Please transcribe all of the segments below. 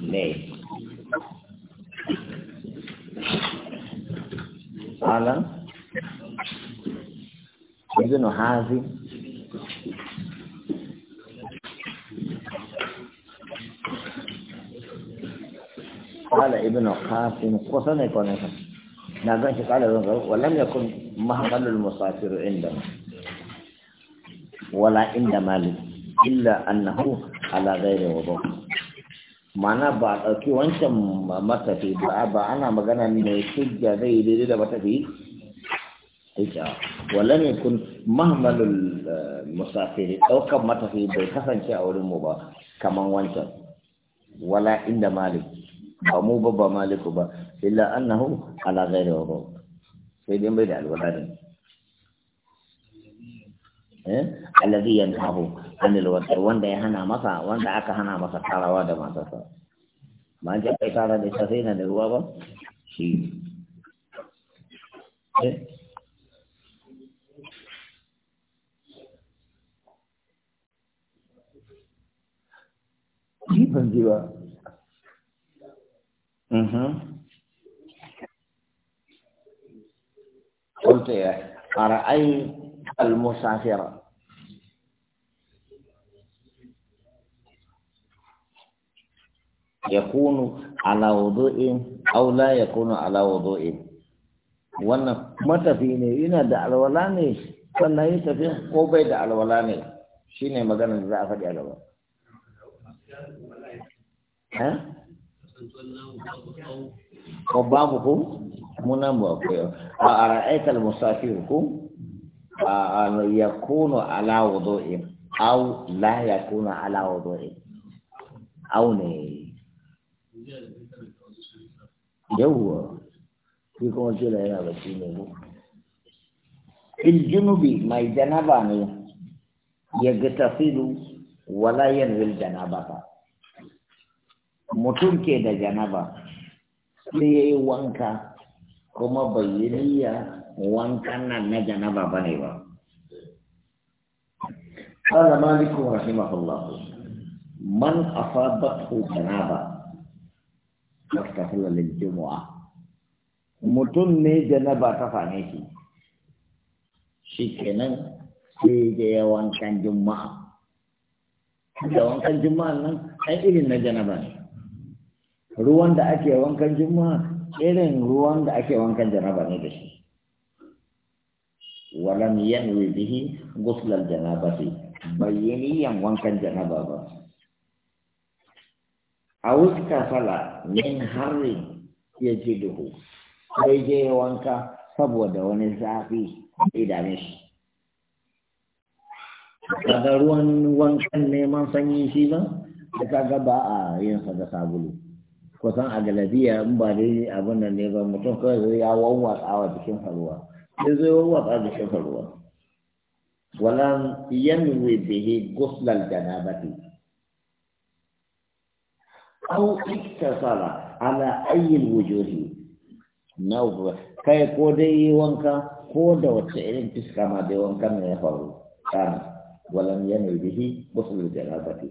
ليه نعم. قال ابن حازم قال ابن قاسم قصنا يكون نعم قال ولم يكن مهمل المسافر عندنا ولا عند مالك إلا أنه ala gairi wudu mana ba ɗauki wancan matafi ba ba ana magana ne hujja zai daidai da matafi hijja wala ne kun mahmalul eh, musafiri ɗaukan matafi bai kasance a wurinmu ba kaman wancan wala inda malik ba mu ba ba maliku ba illa annahu ala gairi wudu sai dai bai da alwala Eh, alladhi yantahu anil wata wanda ya hana masa wanda aka hana masa tarawa da matarsa ba an kai tara da sai na da ruwa ba shi eh. ban ji ba. Mm-hmm. Kuntu ya, al-musafir. yakunu ala wudu'in aw la yakunu ala wudu'in wannan matafi ne yana da alwala ne sannan yi tafi ko bai da alwala ne ne magana da za a faɗi a gaba ko babu ku munan ba ku yau. a ra'aikal musafiru ku آه، يكون على وضوء أو لا يكون على وضوء أو ني يوه في كون جل هنا بتشينه الجنوب ما يجنباني يغتسل ولا ينوي الجنابة mutum ke da janaba sai ya yi wanka kuma bayyaniya wankan nan na janaba ba ne ba قال مالك رحمه الله من أصابته جنابة فاستهل للجمعة mutum ne janaba ta same shi shi kenan sai ya wankan juma'a da wankan juma'a nan ɗan irin na janaba ne ruwan da ake wankan juma'a irin ruwan da ake wankan janaba ne da shi walam yanwi bihi ghuslal janabati bayyini yang wankan janabah ba aus kafala min harri yajiduhu kayje wanka saboda wani zafi idanish kada ruwan wankan neman sanyi shi ba da ga ba a ah, yin sa da sabulu kusan a galadiya in ba dai abin nan ne ba mutum kawai ya wawwa a jikin ya zo ya watsa jikin sa ruwa walan yanwi bihi guslal janabati aw iktasala ala ayi wujuhi na kai ko dai yi wanka ko da wacce irin fiska ma dai wankan ne ya faru walan walam yanwi bihi guslal janabati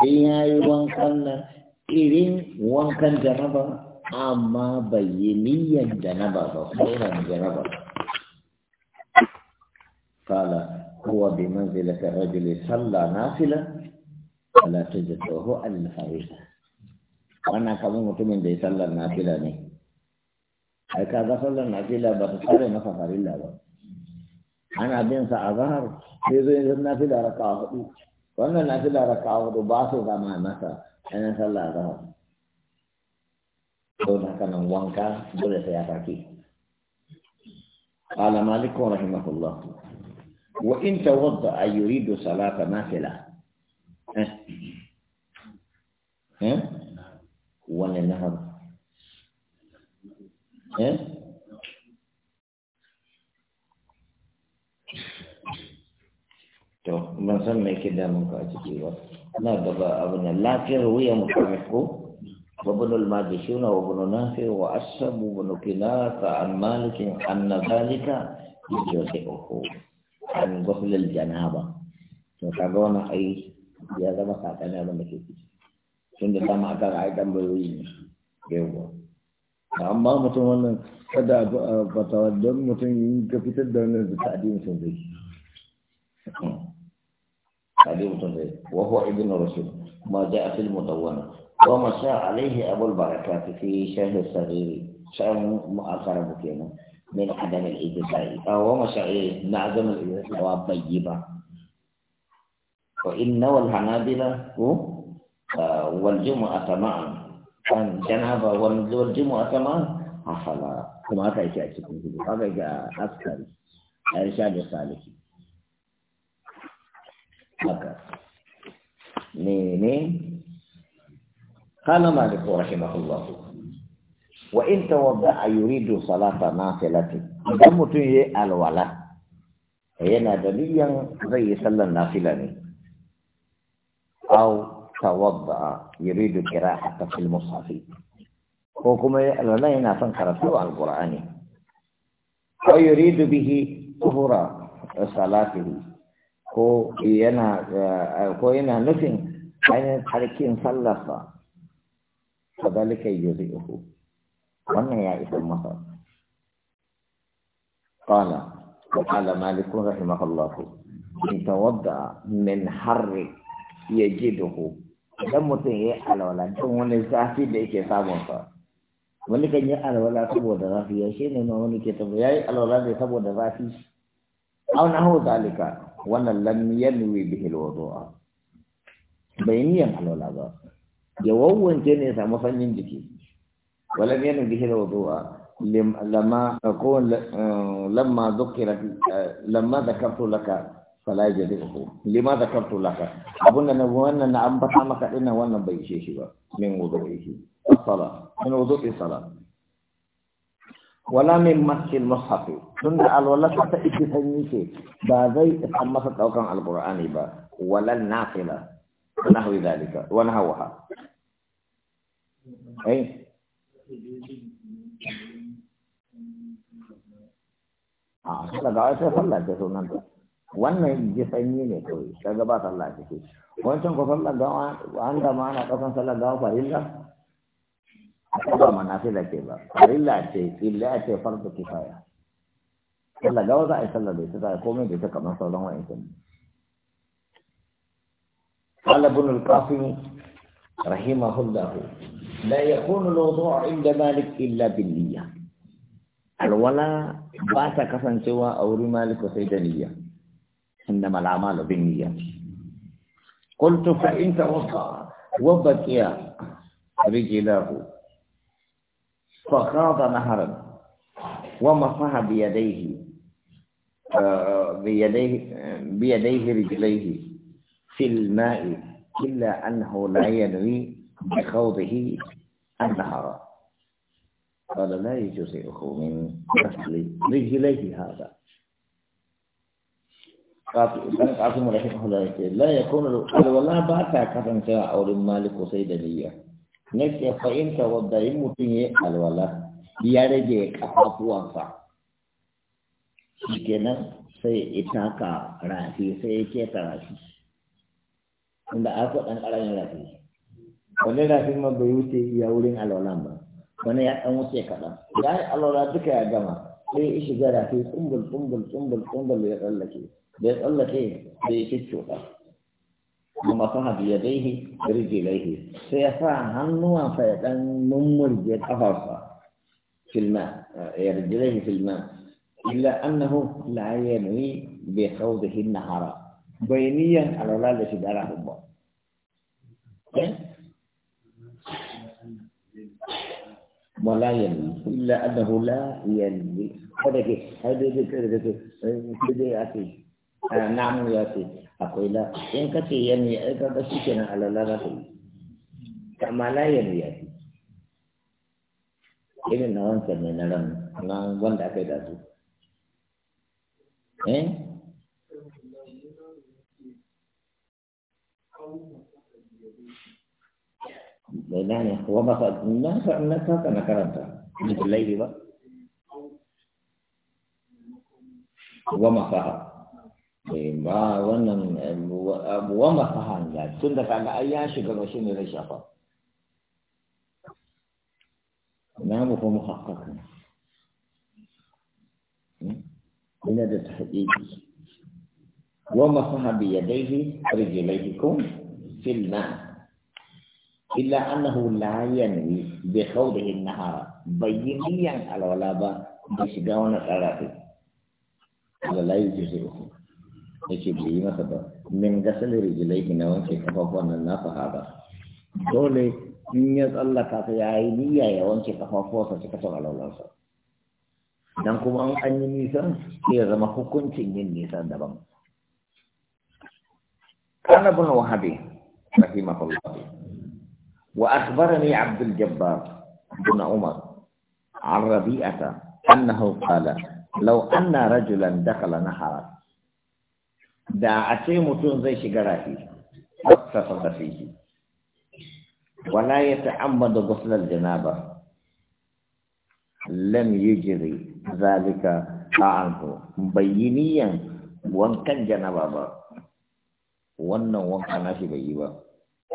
dai yayi wankan nan irin wankan janaba amma bai yi niyyar janaba ba ko sauran janaba قال هو بمنزلة الرجل صلى نافلة ولا تجده أن فريضة وأنا كم متمن دي صلى نافلة ني هل كذا صلى نافلة بخصار ما فخر إلا بو أنا بين سأظهر يزوي النافلة ركعة وأنا النافلة ركعة وباسو كما مسا أنا صلى ظهر Kau dah kena boleh saya kaki. Alam alikum وإن توضأ يريد صلاة نافلة ها ها ولا ها to ban san me ke damun ka a ciki ba na gaba abu ne lafiyar wuya mutum ko وابن الماجشون وابن نافع وأسب وابن كنافة عن مالك أن ذلك يجزئه an ghuslul janaba to kaga wani ai ya zama sakani abin da ke ciki tun da dama aka ga ai tambayoyi ne yawa ba mutum wannan kada fatawa don mutum yin ka fitar da wannan da ta'adi mutum zai ta'adi mutum zai wa huwa ibn rasul ma ja'a fil mutawwana wa ma sha alaihi abul barakati fi shahr saghiri shan mu'akara kenan من عدم الإجزاء أو مشاعر نعدم الإجزاء وبيبة وإن والحنابلة آه، والجمعة معا كان جنابة والجمعة معا حصل كما تأتي أشكم كده هذا أكثر أرشاد الصالحين هكذا نيني قال مالك رحمه الله wa in tawadda yuridu salata nafilati idan mutum yayi alwala yana dalilin zai yi sallar nafila ne aw tawadda yuridu qira'ata fil mushaf ko kuma alwala yana son karatu alqur'ani aw yuridu bihi tuhura salatihi ko yana ko yana nufin ainihin tsarkin sallarsa kadhalika yuzi'uhu wannan ya isa masa qala qala malik rahimahullah in tawadda min harri yajiduhu idan mutum ya yi alwala don wani zafi da yake samun sa wani kan yi alwala saboda zafi ya shi ne ma wani ke tabbata ya yi alwala ne saboda zafi au na hau zalika wannan lam yanwi bihi alwudu'a bai niyan alwala ba ya wawwance ne ya samu sanyin jiki ولم ينم به الوضوء لما أقول آه، لما ذكرت آه، لما ذكرت لك فلا يجدئه لما ذكرت لك أبونا نعم بطعمك مكتنا وانا بيشيش من وضوئه الصلاة من وضوء الصلاة ولا من مسك المصحف قال ولا حتى اتفنيك بازي اتحمست أو كان القرآن با ولا الناقلة نحو ذلك ونحوها أي a suka ga wata sallah da sunan ta wannan ji sanyi ne kawai kaga ba sallah ta ce wancan ko sallah gawa an da ma ana kasan sallah gawa farilla ba manafila ce ba farilla ce illa ce fardu kifaya sallah gawa za a yi sallah da ita za a komai da ita kamar sauran wa'in sun قال ابن kafin. رحمه الله لا يكون الوضوء عند مالك إلا بالنية الولا باتا كفن سوى أو مالك سيد نية إنما الأعمال بالنية قلت فإن توضأ وبكي رجلاه فخاض نهرا ومصح بيديه آه، بيديه بيديه رجليه في الماء إلا أنه لا ينوي بخوضه النهر قال لا يجوز أخوه من أصل رجليه هذا قال لا يكون قال والله باتا كفن سواء أو للمالك سيدنية نكي فإن توضع المتنية قال والله يرجي كفاف وفا لكن سيئتاك راسي سيئتاك راسي inda aka ɗan ƙaramin rafi wani rafin ma bai wuce ya wurin alwalan ba wani ya ɗan wuce kaɗan ya yi alwala duka ya gama sai ya shiga rafi tsumbul tsumbul tsumbul tsumbul ya tsallake da ya tsallake da ya kiccoɗa amma fa hadu ya daihi rijilaihi sai ya sa hannuwansa ya ɗan mummurje ƙafarsa filma ya rijilaihi filma illa annahu la yanwi bi khawdihi nahara bai niyan alwala da shi da rahun eh? wala illa annahu la yalli kada ke har namu ya ce akwai la in ka ce ga shi kenan za ta yi la ya ce irin na wancan ne na ran wanda aka yi da su eh bai gane wa ba fa na fa na ka kana karanta da laifi ba wa mafaha eh ba wannan wa mafaha ya tun da kaga ai ya shiga ba shine zai shafa na mu kuma hakkaka ina da tahqiqi ومسح بيديه رجليكم في الماء إلا أنه لا ينوي بخوضه النهار بينيا على ولا با بشجاون الأراضي على لا يجزئه يجب لي مثلا من غسل رجليه نوان في كفافون النافة هذا دولي الله تعطي كفيائي يا وان في كفافوسا تكسر على الله dan kuma an yi nisan sai ya zama hukuncin yin nisan daban أنا ابن وهبي رحمه الله وأخبرني عبد الجبار بن عمر عن ربيئة أنه قال لو أن رجلا دخل دا دعتي متون زي شجراتي فاقتصد فيه ولا يتعمد غسل الجنابة لم يجري ذلك عنه بينيا وان كان جنابه wannan wanka nashi bai yi ba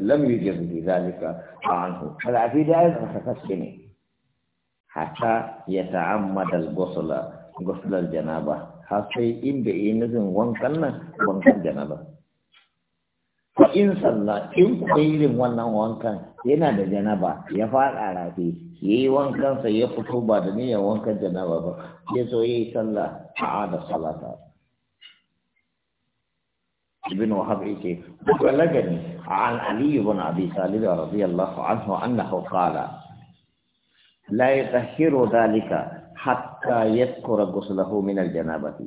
lam jin bi zalika anhu fi da ya tsakaske ne hata ya ta'ammada al-ghusla ghusla janaba har sai in bai yi nufin wankan nan wankan janaba ko in sallah in irin wannan wankan yana da janaba ya faɗa rafi ya yi wankansa ya fito ba da niyyar wankan janaba ba ya zo ya yi salla a salata ابن وهب إيكي ولجني عن علي بن أبي طالب رضي الله عنه أنه قال لا يطهر ذلك حتى يذكر غسله من الجنابة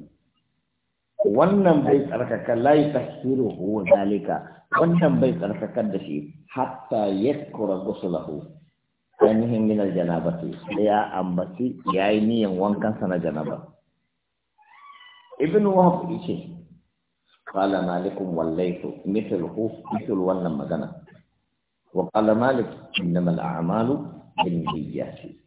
wannan bai tsarkaka lai tahsiru hu zalika wannan bai tsarkakar da shi hatta yakura gusulahu ainihin min aljanabati ya ambaci yayi niyan wankan sa na janaba ibnu wahab yace qala malikum wallaytu mithluhu mithl wannan magana wa qala malik innamal a'malu binniyati